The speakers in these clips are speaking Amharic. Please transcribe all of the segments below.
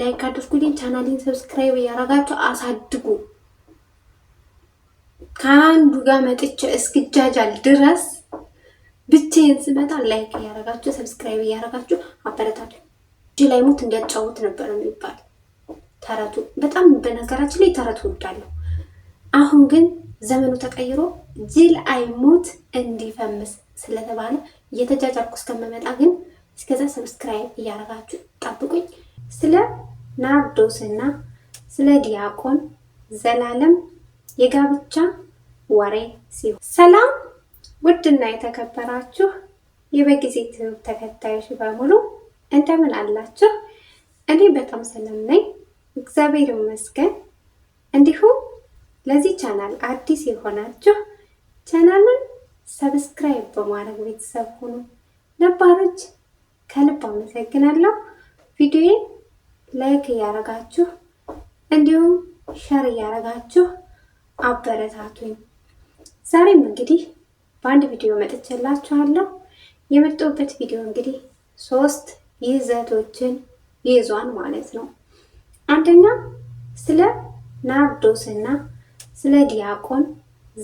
ላይክ አድርጉልኝ፣ ቻናሌን ሰብስክራይብ እያረጋችሁ አሳድጉ። ከአንዱ ጋር መጥቼ እስክጃጃል ድረስ ብቻዬን ስመጣ ላይክ እያረጋችሁ ሰብስክራይብ እያረጋችሁ አበረታቱ። እጅ ላይ ሞት እንዲያጫወት ነበር የሚባል ተረቱ። በጣም በነገራችን ላይ ተረት ወዳለሁ። አሁን ግን ዘመኑ ተቀይሮ ጅል አይሞት እንዲፈምስ ስለተባለ እየተጃጃልኩ እስከምመጣ ግን እስከዛ ሰብስክራይብ እያረጋችሁ ጠብቁኝ። ስለ ናርዶስና ስለ ዲያቆን ዘላለም የጋብቻ ወሬ ሲሆን፣ ሰላም ውድና የተከበራችሁ የበጊዜ ትምህርት ተከታዮች በሙሉ እንደምን አላችሁ? እኔ በጣም ሰላም ነኝ፣ እግዚአብሔር ይመስገን። እንዲሁም ለዚህ ቻናል አዲስ የሆናችሁ ቻናሉን ሰብስክራይብ በማድረግ ቤተሰብ ሁኑ። ነባሮች ከልብ አመሰግናለሁ። ቪዲዮዬን ላይክ እያደረጋችሁ እንዲሁም ሸር እያደረጋችሁ አበረታቱኝ። ዛሬም እንግዲህ በአንድ ቪዲዮ መጥቼላችኋለሁ። የመጣሁበት ቪዲዮ እንግዲህ ሶስት ይዘቶችን ይዟል ማለት ነው። አንደኛ ስለ ናርዶስና ስለ ዲያቆን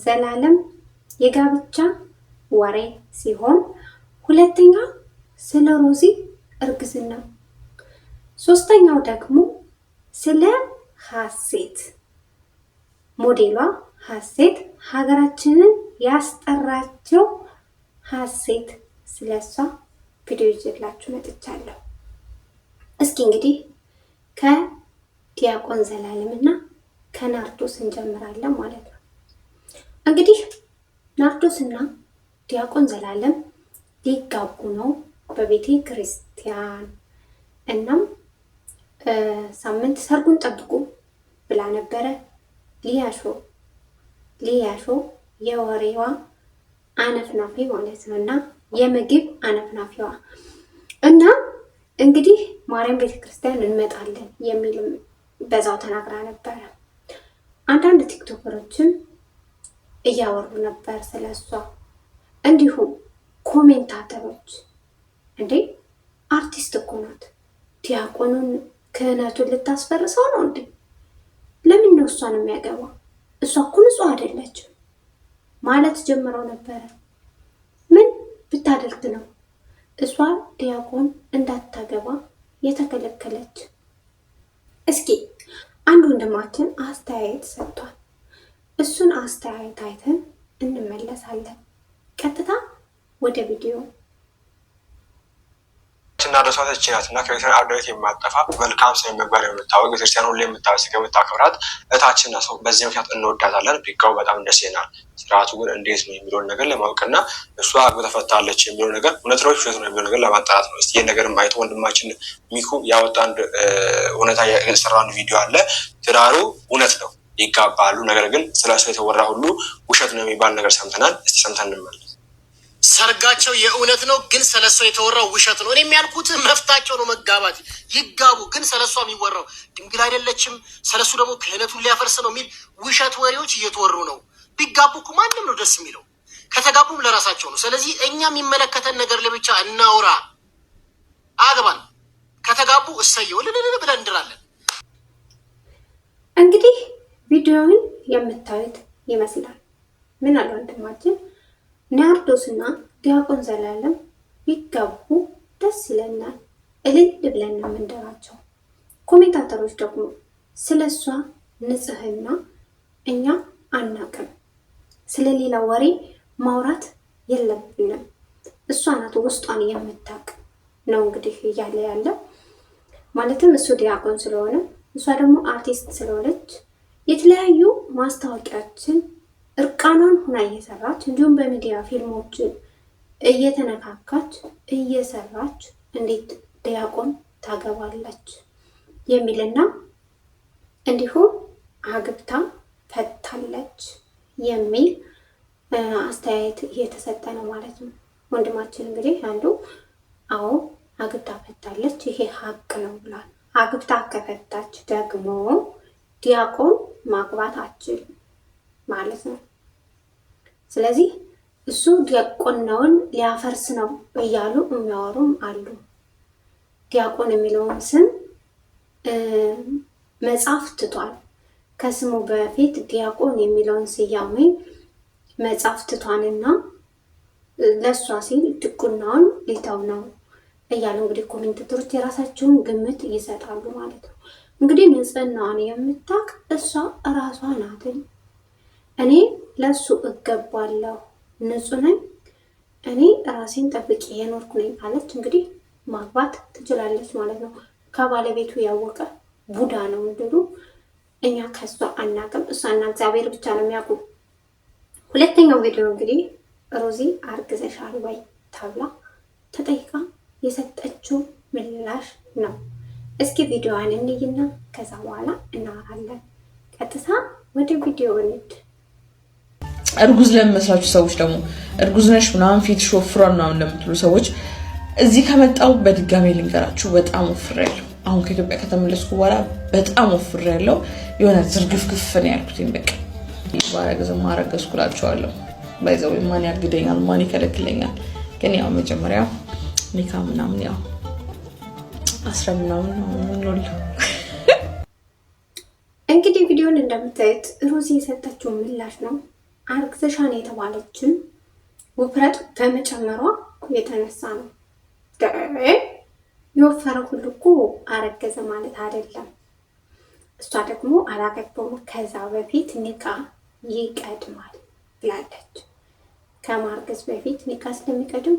ዘላለም የጋብቻ ወሬ ሲሆን፣ ሁለተኛ ስለ ሮዚ እርግዝና ሶስተኛው ደግሞ ስለ ሀሴት ሞዴሏ ሀሴት ሀገራችንን ያስጠራቸው ሀሴት ስለሷ ቪዲዮ ይዤላችሁ መጥቻለሁ። እስኪ እንግዲህ ከዲያቆን ዘላለም እና ከናርዶስ እንጀምራለን ማለት ነው። እንግዲህ ናርዶስ እና ዲያቆን ዘላለም ሊጋቡ ነው በቤተ ክርስቲያን እናም ሳምንት ሰርጉን ጠብቁ ብላ ነበረ። ሊያሾ ሊያሾ የወሬዋ አነፍናፊ ማለት ነው እና የምግብ አነፍናፊዋ እና እንግዲህ ማርያም ቤተክርስቲያን እንመጣለን የሚልም በዛው ተናግራ ነበረ። አንዳንድ ቲክቶከሮችም እያወሩ ነበር ስለ እሷ። እንዲሁም ኮሜንታተሮች እንዴ አርቲስት እኮ ናት ዲያቆኑን ክህነቱን ልታስፈርሰው ነው እንዴ? ለምን ነው እሷን የሚያገባው? እሷ እኮ ንጹህ አይደለችም ማለት ጀምረው ነበረ። ምን ብታደርግ ነው እሷ ዲያቆን እንዳታገባ የተከለከለች? እስኪ አንድ ወንድማችን አስተያየት ሰጥቷል። እሱን አስተያየት አይተን እንመለሳለን። ቀጥታ ወደ ቪዲዮ ትና እናደሷ ተችናት እና ከቤተክርስቲያን አርዳዊት የማጠፋ መልካም ሰው የመግባር የምታወቅ ቤተክርስቲያን ሁሌ የምታበስግ የምታከብራት እታችን ሰው በዚህ ምክንያት እንወዳታለን። ቢጋው በጣም ደስ ይናል። ስርዓቱ ግን እንዴት ነው የሚለውን ነገር ለማወቅ ለማወቅና እሷ አግብ ተፈታለች የሚለው ነገር እውነት ነው ውሸት ነው የሚለው ነገር ለማጣራት ነው። ይህ ነገር አይቶ ወንድማችን ሚኩ ያወጣ አንድ እውነታ የሰራ አንድ ቪዲዮ አለ። ትዳሩ እውነት ነው ይጋባሉ፣ ነገር ግን ስለ እሱ የተወራ ሁሉ ውሸት ነው የሚባል ነገር ሰምተናል። እስቲ ሰምተን እንመለስ። ሰርጋቸው የእውነት ነው፣ ግን ስለሷ የተወራው ውሸት ነው። እኔም ያልኩት መፍታቸው ነው መጋባት፣ ይጋቡ። ግን ስለሷ የሚወራው ድንግል አይደለችም፣ ስለሱ ደግሞ ክህነቱን ሊያፈርስ ነው የሚል ውሸት ወሬዎች እየተወሩ ነው። ቢጋቡ እኮ ማንም ነው ደስ የሚለው፣ ከተጋቡም ለራሳቸው ነው። ስለዚህ እኛ የሚመለከተን ነገር ለብቻ እናውራ። አግባን ከተጋቡ እሰየው ልልልል ብለን እንድራለን። እንግዲህ ቪዲዮውን የምታዩት ይመስላል ምን አለ ወንድማችን ናርዶስና ዲያቆን ዘላለም ቢጋቡ ደስ ይለናል፣ እልል ብለን የምንደራቸው። ኮሜንታተሮች ደግሞ ስለ እሷ ንጽህና እኛ አናቅም፣ ስለ ሌላ ወሬ ማውራት የለብንም፣ እሷ ናት ውስጧን የምታቅ ነው እንግዲህ እያለ ያለ ማለትም እሱ ዲያቆን ስለሆነ እሷ ደግሞ አርቲስት ስለሆነች የተለያዩ ማስታወቂያችን እርቃኗን ሁና እየሰራች እንዲሁም በሚዲያ ፊልሞች እየተነካካች እየሰራች እንዴት ዲያቆን ታገባለች የሚልና እንዲሁም አግብታ ፈታለች የሚል አስተያየት እየተሰጠ ነው ማለት ነው። ወንድማችን እንግዲህ አንዱ አዎ አግብታ ፈታለች፣ ይሄ ሀቅ ነው ብሏል። አግብታ ከፈታች ደግሞ ዲያቆን ማግባት አችልም ማለት ነው። ስለዚህ እሱ ዲያቆናውን ሊያፈርስ ነው እያሉ የሚያወሩም አሉ። ዲያቆን የሚለውን ስም መጽሐፍ ትቷል። ከስሙ በፊት ዲያቆን የሚለውን ስያሜ መጽሐፍ ትቷንና ለእሷ ሲል ድቁናውን ሊተው ነው እያሉ እንግዲህ ኮሜንታተሮች የራሳቸውን ግምት ይሰጣሉ ማለት ነው። እንግዲህ ንጽህናዋን የምታውቅ እሷ እራሷ ናትኝ። እኔ ለሱ እገባለሁ፣ ንጹህ ነኝ፣ እኔ ራሴን ጠብቄ የኖርኩ ነኝ አለች። እንግዲህ ማግባት ትችላለች ማለት ነው። ከባለቤቱ ያወቀ ቡዳ ነው እንዲሉ እኛ ከሷ አናቅም፣ እሷና እግዚአብሔር ብቻ ነው የሚያውቁ። ሁለተኛው ቪዲዮ እንግዲህ ሮዚ አርግዘሻል ወይ ተብላ ተጠይቃ የሰጠችው ምላሽ ነው። እስኪ ቪዲዮዋን እንይና ከዛ በኋላ እናወራለን። ቀጥታ ወደ ቪዲዮ እንሂድ። እርጉዝ ለሚመስላችሁ ሰዎች ደግሞ እርጉዝ ነሽ ምናምን ፊት ሾፍሯል ምናምን ለምትሉ ሰዎች እዚህ ከመጣው በድጋሚ ልንገራችሁ፣ በጣም ወፍሬያለሁ። አሁን ከኢትዮጵያ ከተመለስኩ በኋላ በጣም ወፍሬያለሁ። የሆነ ዝርግፍግፍ ነው ያልኩትኝ። በቃ ባረግዝማ አረገዝኩ እላቸዋለሁ። ባይዘው ማን ያግደኛል? ማን ይከለክለኛል? ግን ያው መጀመሪያ ኒካ ምናምን ያው አስራ ምናምን ነው። እንግዲህ ቪዲዮን እንደምታዩት ሩዚ የሰጠችው ምላሽ ነው አርግዘሻን የተባለችን ውፍረት ከመጨመሯ የተነሳ ነው። የወፈረ ሁሉ እኮ አረገዘ ማለት አይደለም። እሷ ደግሞ አላገባውም ከዛ በፊት ኒቃ ይቀድማል ብላለች። ከማርገዝ በፊት ኒቃ ስለሚቀድም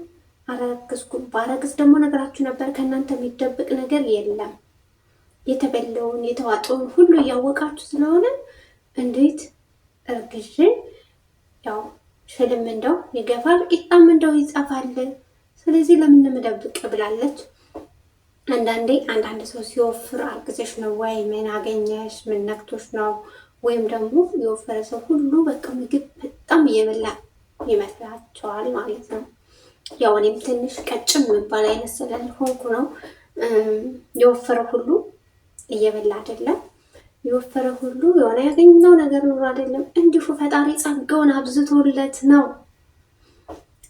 አረግዝኩም ባረግዝ ደግሞ ነገራችሁ ነበር። ከእናንተ የሚደብቅ ነገር የለም። የተበለውን የተዋጠውን ሁሉ እያወቃችሁ ስለሆነ እንዴት እርግዥን ያው ፊልም እንደው ይገፋል፣ ቂጣም እንደው ይጸፋል። ስለዚህ ለምን ምደብቅ ብላለች። አንዳንዴ አንዳንድ ሰው ሲወፍር አርግዘሽ ነው ወይ ምን አገኘሽ ምን ነክቶሽ ነው ወይም ደግሞ የወፈረ ሰው ሁሉ በቃ ምግብ በጣም እየበላ ይመስላቸዋል ማለት ነው። ያው እኔም ትንሽ ቀጭን የሚባል አይነት ስላልሆንኩ ነው የወፈረ ሁሉ እየበላ አይደለም የወፈረ ሁሉ የሆነ ያገኘው ነገር ኑሮ አይደለም እንዲሁ ፈጣሪ ጸጋውን አብዝቶለት ነው።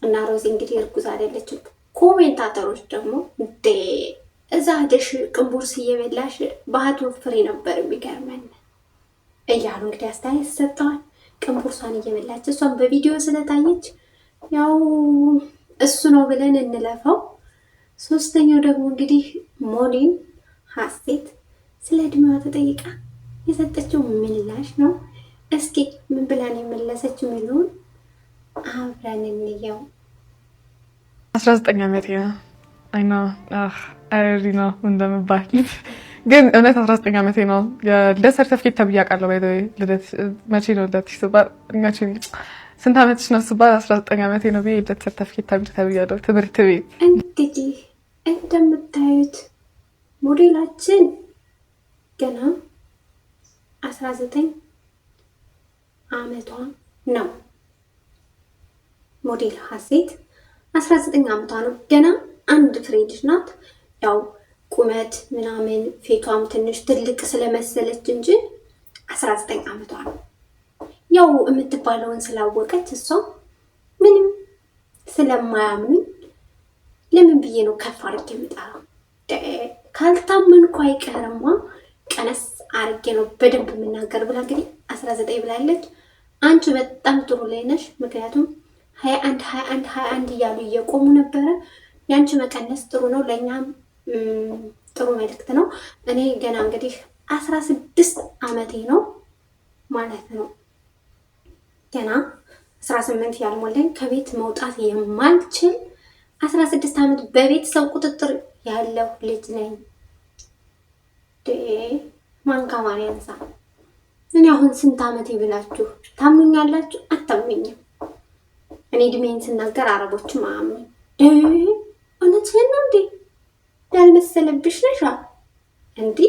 እና ሮዚ እንግዲህ እርጉዝ አይደለችም። ኮሜንታተሮች ደግሞ እንደ እዛ ደሽ ቅንቡርስ እየበላሽ ባህት ወፍሬ ነበር የሚገርመን እያሉ እንግዲህ አስተያየት ሰጥተዋል። ቅንቡርሷን እየበላች እሷን በቪዲዮ ስለታየች ያው እሱ ነው ብለን እንለፈው። ሶስተኛው ደግሞ እንግዲህ ሞኒን ሀሴት ስለ እድሜዋ ተጠይቃ የሰጠችው ምላሽ ነው። እስኪ ምን ብላን የመለሰችው የሚለውን አብረን እንየው። አስራ ዘጠኝ ዓመቴ ነው። አይና አሪ ነው እንደምባል ግን እውነት 19 ዓመቴ ነው። የልደት ሰርተፍኬት ተብዬ አውቃለሁ። ባይ ልደት መቼ ነው ልደትሽ ስባል ስንት ዓመትሽ ነው ስባል 19 ዓመቴ ነው ብዬ ልደት ሰርተፍኬት ተብዬ ተብያለሁ። ትምህርት ቤት እንግዲህ እንደምታዩት ሞዴላችን ገና 19 አመቷ ነው። ሞዴል ሀሴት 19 አመቷ ነው። ገና አንድ ፍሬ ልጅ ናት። ያው ቁመት ምናምን ፊቷም ትንሽ ትልቅ ስለመሰለች እንጂ 19 አመቷ ነው። ያው የምትባለውን ስላወቀች እሷ ምንም ስለማያምኑኝ ለምን ብዬ ነው ከፍ አድርጌ የምጠራው? ካልታመንኩ አይቀርማ ቀነስ አርጌ ነው በደንብ የምናገር ብላ እንግዲህ አስራ ዘጠኝ ብላለች። አንቺ በጣም ጥሩ ላይ ነሽ። ምክንያቱም ሀያ አንድ ሀያ አንድ ሀያ አንድ እያሉ እየቆሙ ነበረ። የአንቺ መቀነስ ጥሩ ነው፣ ለእኛም ጥሩ መልእክት ነው። እኔ ገና እንግዲህ አስራ ስድስት አመቴ ነው ማለት ነው ገና አስራ ስምንት ያልሞላኝ ከቤት መውጣት የማልችል አስራ ስድስት አመት በቤተሰብ ቁጥጥር ያለው ልጅ ነኝ። ማንካ ማሪያንሳ እኔ አሁን ስንት ዓመቴ ብላችሁ ታምኛላችሁ? አታምኝም። እኔ እድሜን ስናገር አረቦች ማምን እውነት ነው እንዴ? ያልመሰለብሽ ነሻ እንዴ?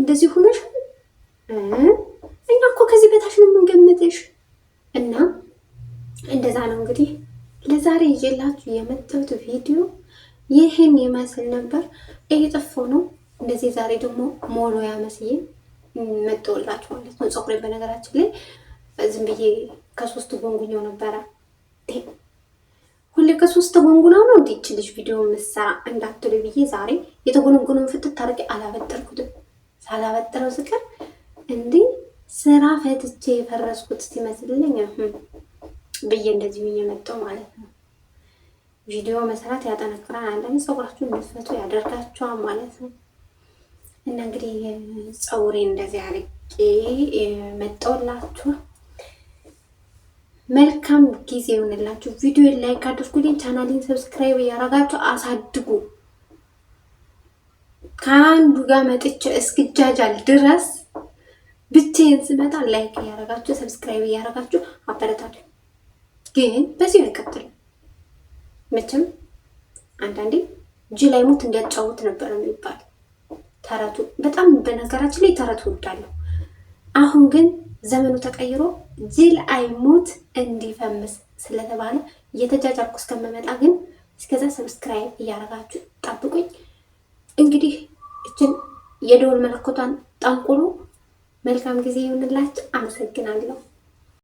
እንደዚህ ሆነሽ እኛ እኮ ከዚህ በታች ነው የምንገምትሽ። እና እንደዛ ነው እንግዲህ ለዛሬ ይዤላችሁ የመጣሁት ቪዲዮ ይህን ይመስል ነበር። ጥፎ ነው። እንደዚህ ዛሬ ደግሞ ሞኖ መስዬ መጠወላችሁ ማለት ነው። ፀጉሬ በነገራችን ላይ ዝም ብዬ ከሶስት ጎንጉኛው ነበረ። ሁሌ ከሶስት ጎንጉና ነው እንዲች ልጅ ቪዲዮ ምሰራ እንዳትሉ ብዬ ዛሬ የተጎነጎነውን ፍትት አድርጌ አላበጠርኩትም። ሳላበጠረው ስቀር እንዴ ስራ ፈትቼ የፈረስኩት ሲመስልልኝ ብዬ እንደዚህ ብዬ መጠው ማለት ነው። ቪዲዮ መሰራት ያጠነክራል። አንዳንድ ፀጉራችሁን መስፈቱ ያደርጋችኋል ማለት ነው። እና እንግዲህ ፀጉሬ እንደዚህ አርቄ መጣሁላችሁ። መልካም ጊዜ ይሆንላችሁ። ቪዲዮ ላይክ ካደረስኩልኝ ቻናሊን ሰብስክራይብ እያደረጋችሁ አሳድጉ። ከአንዱ ጋር መጥቼ እስክጃጃል ድረስ ብቻዬን ስመጣ ላይክ እያደረጋችሁ ሰብስክራይብ እያደረጋችሁ አበረታቱ። ግን በዚህ ይቀጥሉ። መቼም አንዳንዴ እጅ ላይ ሙት እንዲያጫውት ነበር የሚባል ተረቱ በጣም በነገራችን ላይ ተረት ወዳለሁ። አሁን ግን ዘመኑ ተቀይሮ ጅል አይሞት እንዲፈምስ ስለተባለ እየተጃጃልኩ እስከምመጣ ግን እስከዛ ሰብስክራይብ እያደረጋችሁ ጠብቁኝ። እንግዲህ እችን የደወል መለኮቷን ጠንቁሉ። መልካም ጊዜ ይሁንላችሁ። አመሰግናለሁ።